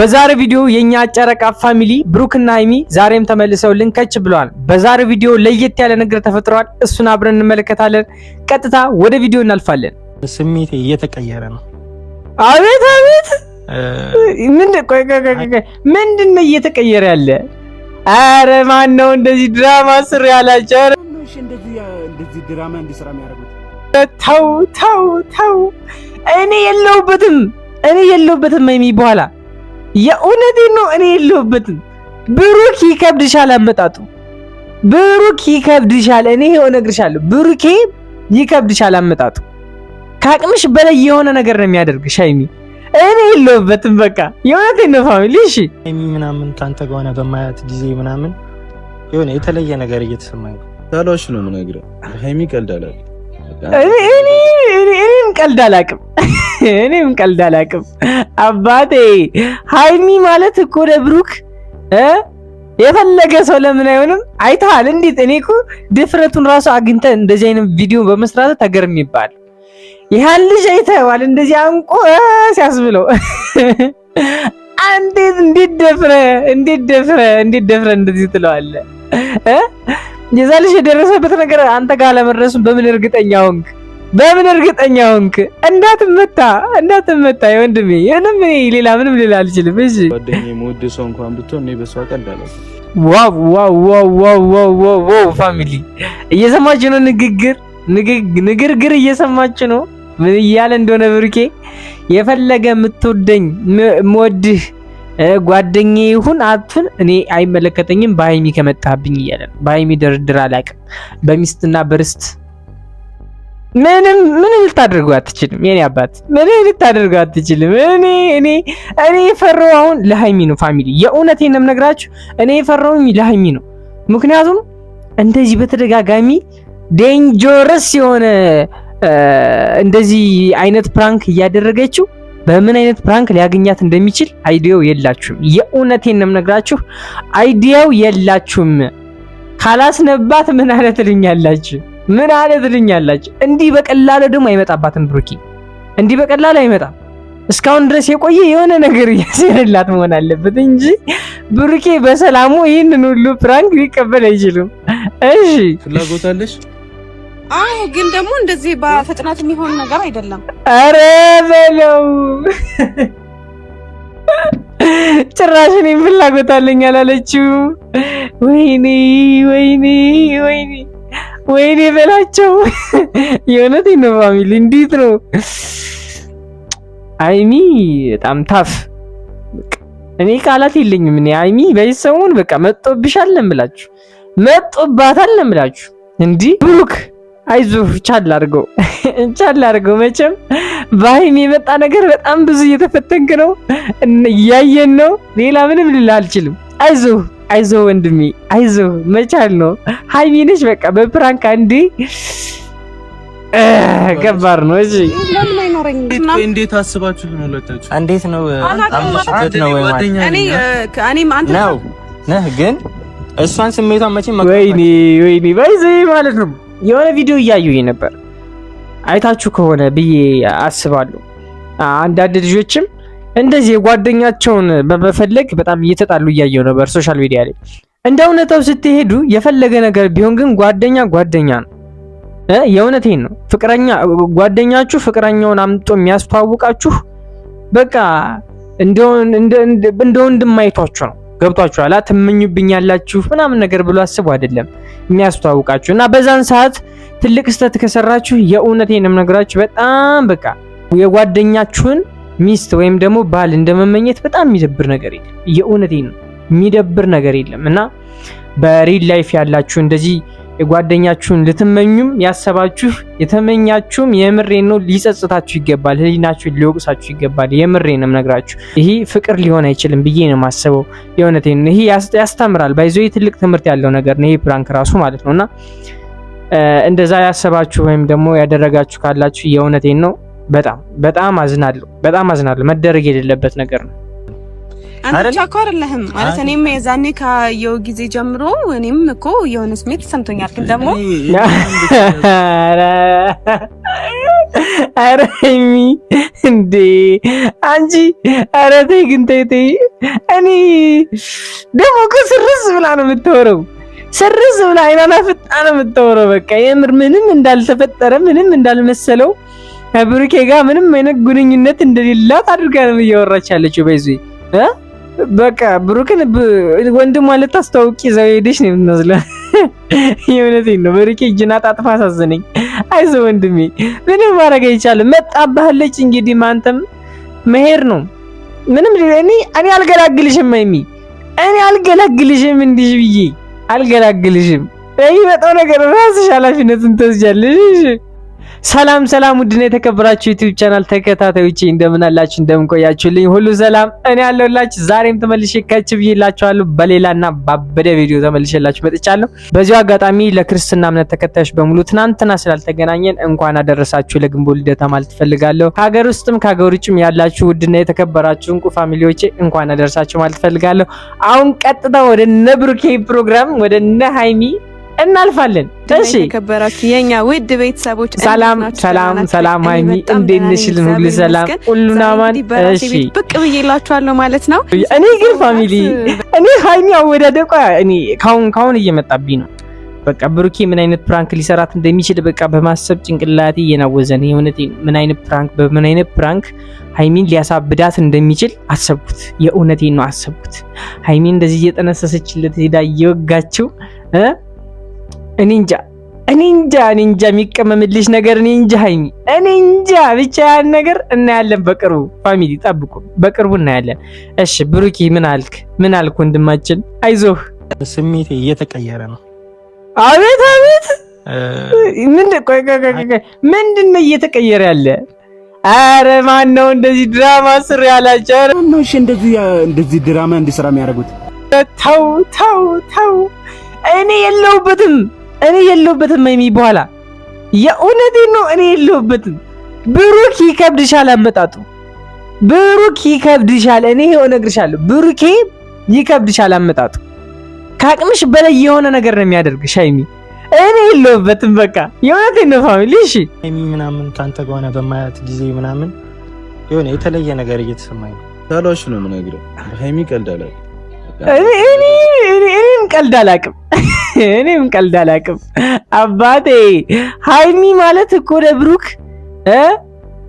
በዛሬ ቪዲዮ የኛ ጨረቃ ፋሚሊ ብሩክና ሀይሚ ዛሬም ተመልሰው ልንከች ብለዋል። በዛሬ ቪዲዮ ለየት ያለ ነገር ተፈጥሯል። እሱን አብረን እንመለከታለን። ቀጥታ ወደ ቪዲዮ እናልፋለን። ስሜት እየተቀየረ ነው። አቤት አቤት! ምንድን ነው እየተቀየረ ያለ? አረ ማን ነው እንደዚህ ድራማ ስር ያላቸው? እንደዚህ ድራማ እንዲሰራ የሚያደርጉት ተው ተው ተው። እኔ የለሁበትም እኔ የለሁበትም ሀይሚ በኋላ የእውነቴን ነው። እኔ የለሁበትም። ብሩክ ይከብድሻል፣ አመጣጡ ብሩክ ይከብድሻል። እኔ ይሄው እነግርሻለሁ፣ ብሩኬ ይከብድሻል አመጣጡ። ከአቅምሽ በላይ የሆነ ነገር ነው የሚያደርግሽ ሀይሚ። እኔ የለሁበትም። በቃ የእውነቴን ነው ፋሚሊ። እሺ ሀይሚ ምናምን ከአንተ ጋር በማያት ጊዜ ምናምን የሆነ የተለየ ነገር እየተሰማኝ ታሏሽ ነው የምነግርህ ሀይሚ ቀልድ እኔ እኔም ቀልድ አላውቅም እኔም ቀልድ አላቅም አባቴ። ሀይሚ ማለት እኮ ለብሩክ የፈለገ ሰው ለምን አይሆንም? አይተሃል? እንዴት እኔ እኮ ድፍረቱን ራሱ አግኝተ እንደዚህ አይነት ቪዲዮ በመስራት ተገርም ይባል ይህን ልጅ አይተዋል? እንደዚህ አንቆ ሲያስብለው እንዴት እንዴት ደፍረ እንዴት ደፍረ እንዴት ደፍረ እንደዚህ ትለዋለ? የዛ ልጅ የደረሰበት ነገር አንተ ጋር ለመድረሱ በምን እርግጠኛ ሆንክ? በምን እርግጠኛ ሆንክ? እንዳትመታ እንዳትመታ ወንድሜ። ምንም ሌላ ምንም ልል አልችልም። እሺ ጓደኛዬ፣ መውድ ሰው እንኳን ብትሆን እኔ በሷ ቀልዳለሁ። ዋው ዋው ዋው ዋው ዋው! ዋው ዋው! ፋሚሊ እየሰማች ነው? ንግግር ንግግር እየሰማች ነው? ምን እያለ እንደሆነ ብርኬ፣ የፈለገ የምትወደኝ የምወድህ ጓደኛ ይሁን አትሁን እኔ አይመለከተኝም፣ በሀይሚ ከመጣብኝ እያለ ነው። በሀይሚ ድርድር አላውቅም፣ በሚስትና በርስት ምንም ምንም ልታደርገው አትችልም። የኔ አባት ምንም ልታደርገው አትችልም። እኔ እኔ እኔ የፈራው አሁን ለሃይሚ ነው ፋሚሊ፣ የእውነት ነው የምነግራችሁ። እኔ የፈራውኝ ለሃይሚ ነው። ምክንያቱም እንደዚህ በተደጋጋሚ ዴንጀረስ የሆነ እንደዚህ አይነት ፕራንክ እያደረገችው በምን አይነት ፕራንክ ሊያገኛት እንደሚችል አይዲያው የላችሁም። የእውነቴን ነው የምነግራችሁ፣ አይዲያው የላችሁም። ካላስነባት ምን አይነት ልኛላችሁ ምን አለ ትልኛላችሁ? እንዲህ በቀላሉ ደግሞ አይመጣባትም። ብሩኪ እንዲህ በቀላሉ አይመጣም። እስካሁን ድረስ የቆየ የሆነ ነገር እያሴንላት መሆን አለበት እንጂ ብሩኬ በሰላሙ ይህንን ሁሉ ፕራንክ ሊቀበል አይችልም። እሺ ፍላጎታለሽ? አለሽ? አዎ፣ ግን ደግሞ እንደዚህ በፍጥነት የሚሆን ነገር አይደለም። አረ በለው ጭራሽ እኔም ፍላጎት አለኝ አላለችው። ወይኔ ወይኔ ወይኔ ወይኔ በላቸው። የእውነት ነው ፋሚሊ፣ እንዴት ነው አይሚ በጣም ታፍ። እኔ ቃላት የለኝም። እኔ አይሚ በዚህ ሰሞን በቃ መጦብሻል ብላችሁ መጦባታል ብላችሁ እንዲህ ብሩክ አይዞህ ቻል አድርገው ቻል አድርገው። መቼም በሀይሚ የመጣ ነገር በጣም ብዙ እየተፈተንክ ነው፣ እያየን ነው። ሌላ ምንም ልልህ አልችልም። አይዞህ አይዞ ወንድሜ አይዞ መቻል ነው። ሀይሚነሽ በቃ በፕራንክ አንዴ ከባድ ነው። እሺ እንዴት አስባችሁ ነው? ሁለታችሁ እንዴት ነው? ነህ ግን እሷን ስሜቷን መቼ ወይኔ ወይኔ ባይዘ ማለት ነው። የሆነ ቪዲዮ እያየሁኝ ነበር አይታችሁ ከሆነ ብዬ አስባለሁ። አንዳንድ ልጆችም እንደዚህ የጓደኛቸውን በመፈለግ በጣም እየተጣሉ እያየው ነበር ሶሻል ሚዲያ ላይ። እንደ እውነታው ስትሄዱ የፈለገ ነገር ቢሆን ግን ጓደኛ ጓደኛ ነው። የእውነቴን ነው። ፍቅረኛ ጓደኛችሁ ፍቅረኛውን አምጦ የሚያስተዋውቃችሁ በቃ እንደ ወንድም ነው። ገብቷችኋል? ትመኙብኝ ያላችሁ ምናምን ነገር ብሎ አስቡ አይደለም የሚያስተዋውቃችሁ እና በዛን ሰዓት ትልቅ ስህተት ከሰራችሁ የእውነቴን ነው በጣም በቃ የጓደኛችሁን ሚስት ወይም ደግሞ ባል እንደመመኘት በጣም የሚደብር ነገር የለም። የእውነቴን ነው የሚደብር ነገር የለም እና በሪል ላይፍ ያላችሁ እንደዚህ የጓደኛችሁን ልትመኙም ያሰባችሁ የተመኛችሁም የምሬን ነው ሊጸጽታችሁ ይገባል። ህሊናችሁ ሊወቅሳችሁ ይገባል። የምሬን ነግራችሁ ይህ ፍቅር ሊሆን አይችልም ብዬ ነው የማስበው። የእውነቴን ይህ ያስተምራል። ባይዞ ትልቅ ትምህርት ያለው ነገር ነው ይሄ ፕራንክ ራሱ ማለት ነው እና እንደዛ ያሰባችሁ ወይም ደግሞ ያደረጋችሁ ካላችሁ የእውነቴን ነው በጣም በጣም አዝናለሁ። በጣም አዝናለሁ። መደረግ የሌለበት ነገር ነው። አንተ ብቻ እኮ አይደለህም ማለት እኔም የዛኔ ካየው ጊዜ ጀምሮ እኔም እኮ የሆነ ስሜት ሰምቶኛል። ግን ደግሞ ኧረ ሀይሚ እንዴ አንቺ ኧረ ተይ ግን ተይ ተይ። እኔ ደግሞ እኮ ስርስ ብላ ነው የምትወረው ስርስ ብላ አይናና ፍጣ ነው የምትወረው። በቃ የምር ምንም እንዳልተፈጠረ ምንም እንዳልመሰለው ከብሩኬ ጋር ምንም አይነት ግንኙነት እንደሌላት አድርጋ ነው እያወራች ያለችው። በይዙ በቃ ብሩክን ወንድሟ ልታስተዋውቅ ይዘው ሄደች ነው የምትመስለው። የእውነቴን ነው። ብሩኬ እጅና ጣጥፋ አሳዘነኝ። አይዞህ ወንድሜ፣ ምንም ማድረግ አይቻልም። መጣባህለች። እንግዲህ ማንተም መሄድ ነው። ምንም እኔ እኔ አልገላግልሽም አይሚ፣ እኔ አልገላግልሽም፣ እንዲሽ ብዬ አልገላግልሽም። የሚመጣው ነገር ራስሽ ኃላፊነትን ትወስጃለሽ። ሰላም ሰላም ውድና የተከበራችሁ ዩቲዩብ ቻናል ተከታታዮቼ እንደምን አላችሁ? እንደምን ቆያችሁልኝ? ሁሉ ሰላም እኔ ያለሁላችሁ ዛሬም ተመልሼ ከች ብዬላችኋለሁ። በሌላና ባበደ ቪዲዮ ተመልሼላችሁ መጥቻለሁ። በዚሁ አጋጣሚ ለክርስትና እምነት ተከታዮች በሙሉ ትናንትና ስላልተገናኘን እንኳን አደረሳችሁ ለግንቦት ልደታ ማለት ፈልጋለሁ። ከሀገር ውስጥም ከሀገር ውጭም ያላችሁ ውድና የተከበራችሁ እንቁ ፋሚሊዎቼ እንኳን አደረሳችሁ ማለት ፈልጋለሁ። አሁን ቀጥታ ወደ ነብሩኬ ፕሮግራም ወደ ነሃይሚ እናልፋለን። እሺ ከበራችሁ የኛ ውድ ቤተሰቦች ሰላም ሰላም ሰላም፣ ሀይሚ እንዴት ነሽ? ሁሉ ሰላም፣ ሁሉን አማን። እሺ ብቅ ብዬላችኋለሁ ማለት ነው። እኔ ግን ፋሚሊ እኔ ሀይሚ አወዳደቋ እኔ ካሁን ካሁን እየመጣብኝ ነው። በቃ ብሩኬ ምን አይነት ፕራንክ ሊሰራት እንደሚችል በቃ በማሰብ ጭንቅላቴ እየናወዘን የእውነት ምን አይነት ፕራንክ በምን አይነት ፕራንክ ሀይሚን ሊያሳብዳት እንደሚችል አሰብኩት። የእውነቴን ነው አሰብኩት። ሀይሚን እንደዚህ እየጠነሰሰችለት ሄዳ እየወጋችው እኔ እንጃ እኔ እንጃ እኔ እንጃ የሚቀመምልሽ ነገር እኔ እንጃ ሀይሚ እኔ እንጃ ብቻ ያን ነገር እናያለን በቅርቡ ፋሚሊ ጠብቁ በቅርቡ እናያለን እሺ ብሩኪ ምን አልክ ምን አልክ ወንድማችን አይዞህ ስሜቴ እየተቀየረ ነው አቤት አቤት ምንድን ነው እየተቀየረ ያለ አረ ማን ነው እንደዚህ ድራማ ስር ያላቸው ነው እንደዚህ እንደዚህ ድራማ እንዲሰራ የሚያደርጉት ተው ተው ተው እኔ የለውበትም እኔ የለሁበትም ሀይሚ በኋላ የእውነቴን ነው። እኔ የለሁበትም። ብሩክ ይከብድሻል፣ አመጣጡ ብሩክ ይከብድሻል። እኔ ይሄው እነግርሻለሁ፣ ብሩኬ ይከብድሻል አመጣጡ። ከአቅምሽ በላይ የሆነ ነገር ነው የሚያደርግሽ ሀይሚ። እኔ የለሁበትም። በቃ የእውነቴን ነው ፋሚሊ። እሺ ሀይሚ ምናምን ከአንተ ጋር በማያት ጊዜ ምናምን የሆነ የተለየ ነገር እየተሰማኝ ነው። ታላሽ ነው የምነግርህ ሀይሚ ቀልድ አላውቅም እኔም ቀልድ አላቅም። እኔም ቀልድ አላቅም። አባቴ ሀይሚ ማለት እኮ ለብሩክ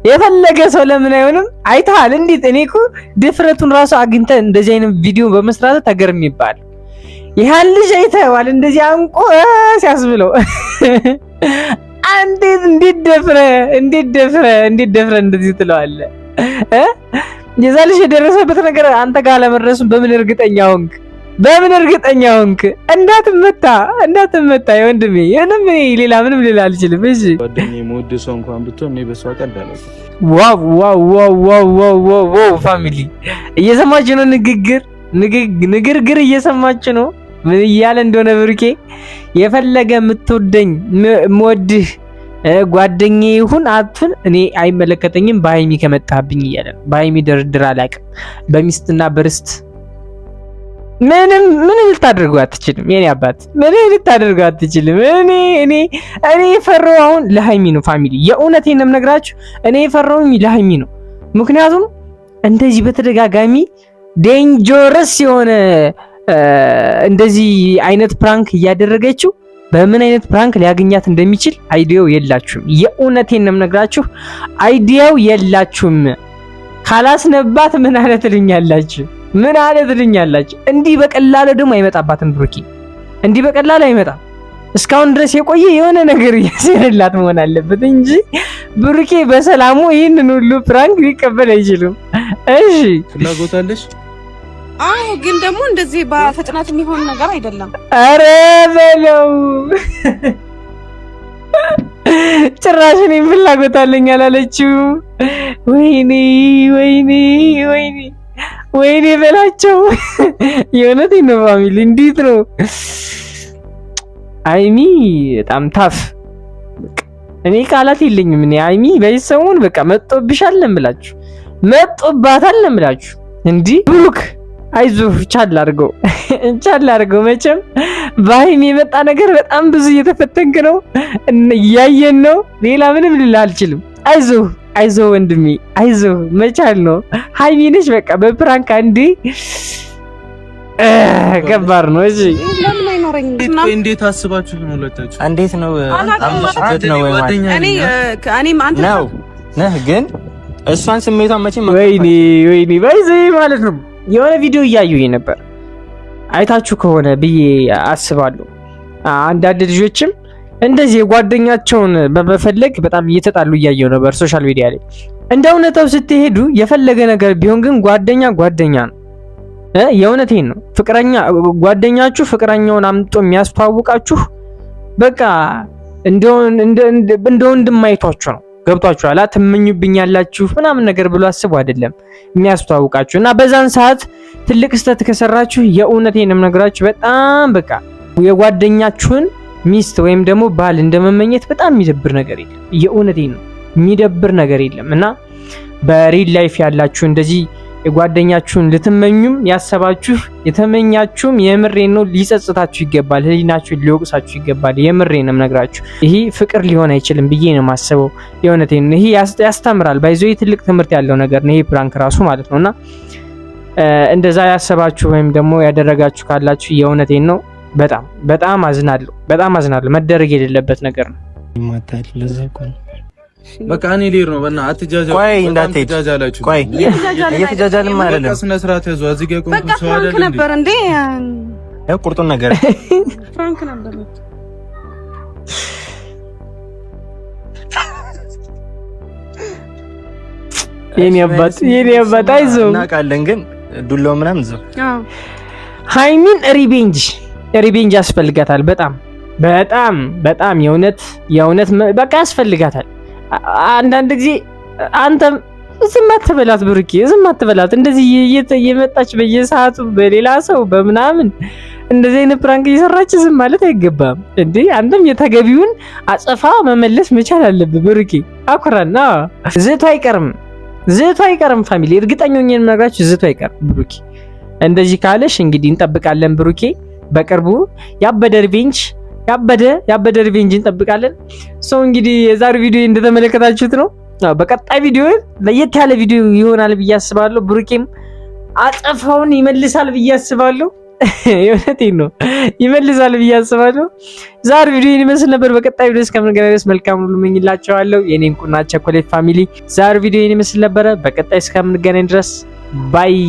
የፈለገ ሰው ለምን አይሆንም? አይተሃል? እንዴት እኔ እኮ ድፍረቱን ራሱ አግኝተ እንደዚህ አይነት ቪዲዮ በመስራት ተገር የሚባል ይህን ልጅ አይተዋል? እንደዚህ አንቆ ሲያስብለው እንዴት እንዴት ደፍረ እንዴት ደፍረ እንዴት ደፍረ እንደዚህ ትለዋለህ? የዛ ልጅ የደረሰበት ነገር አንተ ጋር አለመድረሱን በምን እርግጠኛ ሆንክ? በምን እርግጠኛ ሆንክ? እንዳትመታ እንዳትመታ፣ ወንድሜ ይህንም ሌላ ምንም ሌላ አልችልም። እሺ ወንድሜ፣ ሞድ ሰው እንኳን ብትሆን እኔ በሷ ቀዳለ። ዋው ዋው ዋው ዋው ዋው! ፋሚሊ እየሰማችሁ ነው? ንግግር ንግግር እየሰማችሁ ነው? ምን እያለ እንደሆነ ብሩኬ፣ የፈለገ የምትወደኝ የምወድህ ጓደኛ ይሁን አትል እኔ አይመለከተኝም፣ በሀይሚ ከመጣብኝ እያለ ነው። በሀይሚ ድርድር አላውቅም። በሚስትና በርስት ምንም ምንም ልታደርገው አትችልም። የኔ አባት ምንም ልታደርገው አትችልም። እኔ እኔ እኔ አሁን ለሀይሚ ነው። ፋሚሊ የእውነቴን ነው የምነግራችሁ። እኔ የፈራውኝ ለሀይሚ ነው። ምክንያቱም እንደዚህ በተደጋጋሚ ዴንጀረስ የሆነ እንደዚህ አይነት ፕራንክ እያደረገችው በምን አይነት ፕራንክ ሊያገኛት እንደሚችል አይዲያው የላችሁም። የእውነቴን ነው የምነግራችሁ፣ አይዲያው የላችሁም። ካላስነባት ምን አለ ልኛላችሁ? ምን አለ ልኛላችሁ? እንዲህ በቀላሉ ደግሞ አይመጣባትም። ብሩኪ እንዲህ በቀላሉ አይመጣም። እስካሁን ድረስ የቆየ የሆነ ነገር እያሴረላት መሆን አለበት እንጂ ብሩኬ በሰላሙ ይህንን ሁሉ ፕራንክ ሊቀበል አይችልም። እሺ ፍላጎት አዎ ግን ደግሞ እንደዚህ በፍጥነት የሚሆን ነገር አይደለም። አረ በለው ጭራሽ እኔም ፍላጎት አለኝ አላለችው። ወይኔ ወይኔ ወይኔ ወይኔ በላቸው። የእውነት ነው ፋሚሊ፣ እንዴት ነው አይሚ? በጣም ታፍ እኔ ቃላት የለኝም። እኔ አይሚ በዚህ በቃ መጦብሻል ለምላችሁ፣ መጦባታል ለምላችሁ እንዲህ ብሩክ አይዞህ ቻል አድርገው ቻል አድርገው። መቼም በሀይሚ የመጣ ነገር በጣም ብዙ እየተፈተንክ ነው፣ እያየን ነው። ሌላ ምንም ልል አልችልም። አይዞህ አይዞ ወንድሜ አይዞ፣ መቻል ነው። ሀይሚ ነች በቃ በፕራንክ አንዴ ከባድ ነው። እሺ እንዴት አስባችሁ ነው? ሁለታችሁ እንዴት ነው? አምሽበት ነው ወይ ማለት እኔ እኔም አንተ ነህ ግን እሷን ስሜቷን መቼም ወይኔ ወይኔ ባይዘይ ማለት ነው የሆነ ቪዲዮ እያየሁኝ ነበር፣ አይታችሁ ከሆነ ብዬ አስባለሁ። አንዳንድ ልጆችም እንደዚህ የጓደኛቸውን በመፈለግ በጣም እየተጣሉ እያየው ነበር ሶሻል ሚዲያ ላይ። እንደ እውነታው ስትሄዱ የፈለገ ነገር ቢሆን ግን ጓደኛ ጓደኛ ነው። የእውነቴን ነው። ፍቅረኛ ጓደኛችሁ ፍቅረኛውን አምጦ የሚያስተዋውቃችሁ በቃ እንደ ወንድም አይቷችሁ ነው። ገብቷችኋላ? ትመኙብኛላችሁ ምናምን ነገር ብሎ አስቡ አይደለም የሚያስተዋውቃችሁ እና በዛን ሰዓት ትልቅ ስህተት ከሰራችሁ የእውነቴንም ነግራችሁ በጣም በቃ የጓደኛችሁን ሚስት ወይም ደግሞ ባል እንደመመኘት በጣም የሚደብር ነገር የለም። የእውነቴን ነው የሚደብር ነገር የለም እና በሪል ላይፍ ያላችሁ እንደዚህ የጓደኛችሁን ልትመኙም ያሰባችሁ የተመኛችሁም የምሬ ነው ሊጸጽታችሁ ይገባል። ህሊናችሁ ሊወቅሳችሁ ይገባል። የምሬ ነው ነግራችሁ ይሄ ፍቅር ሊሆን አይችልም ብዬ ነው የማስበው። የእውነቴ ነው። ይሄ ያስተምራል። ባይዞ ትልቅ ትምህርት ያለው ነገር ነው ይሄ ፕራንክ ራሱ ማለት እና እንደዛ ያሰባችሁ ወይም ደግሞ ያደረጋችሁ ካላችሁ የእውነቴን ነው በጣም በጣም አዝናለሁ። በጣም አዝናለሁ። መደረግ የሌለበት ነገር ነው። ይማታል። ለዛ እኮ ነው በቃ እኔ ልሄድ ነው። በእናትህ አትጃጃ። ቆይ እንዳትሄድ። ቆይ እየተጃጃልን አይደለም። በቃ ስነ ስርዓት ያዙ። እዚህ ጋር ቆይ። በቃ ፍራንክ ነበር እንዴ? ያው ቁርጡን ነገር ፍራንክ ነበር። የኔ አባት የኔ አባት፣ አይዞህ እናውቃለን፣ ግን ዱላው ምናምን ዘው ሃይሚን ሪቤንጅ ሪቤንጅ ያስፈልጋታል። በጣም በጣም በጣም የእውነት የእውነት በቃ ያስፈልጋታል። አንዳንድ ጊዜ አንተም ዝም አትበላት ብሩኬ፣ ዝም አትበላት። እንደዚህ እየመጣች በየሰዓቱ በሌላ ሰው በምናምን እንደዚህ አይነት ፕራንክ እየሰራች ዝም ማለት አይገባም እንዴ። አንተም የተገቢውን አጸፋ መመለስ መቻል አለብህ ብሩኬ። አኩራና ዝቱ አይቀርም፣ ዝቱ አይቀርም። ፋሚሊ እርግጠኛ ነኝ የምነግራችሁ ዝቱ አይቀርም ብሩኬ። እንደዚህ ካለሽ እንግዲህ እንጠብቃለን ብሩኬ። በቅርቡ ያበደ ሪቬንጅ ያበደ ያበደ ሪቬንጅ እንጠብቃለን። ሰው እንግዲህ የዛሬ ቪዲዮ እንደተመለከታችሁት ነው። በቀጣይ ቪዲዮ ለየት ያለ ቪዲዮ ይሆናል ብዬ አስባለሁ። ብሩኬም አጸፋውን ይመልሳል ብዬ አስባለሁ። የእውነቴን ነው ይመልሳል ብዬ አስባለሁ። ዛሬ ቪዲዮ ይመስል ነበር። በቀጣይ ቪዲዮ እስከምንገናኝ ድረስ መልካም ሁሉ እመኝላችኋለሁ። የኔም ቁና ቸኮሌት ፋሚሊ ዛሬ ቪዲዮ ይመስል ነበረ። በቀጣይ እስከምንገናኝ ድረስ ባይ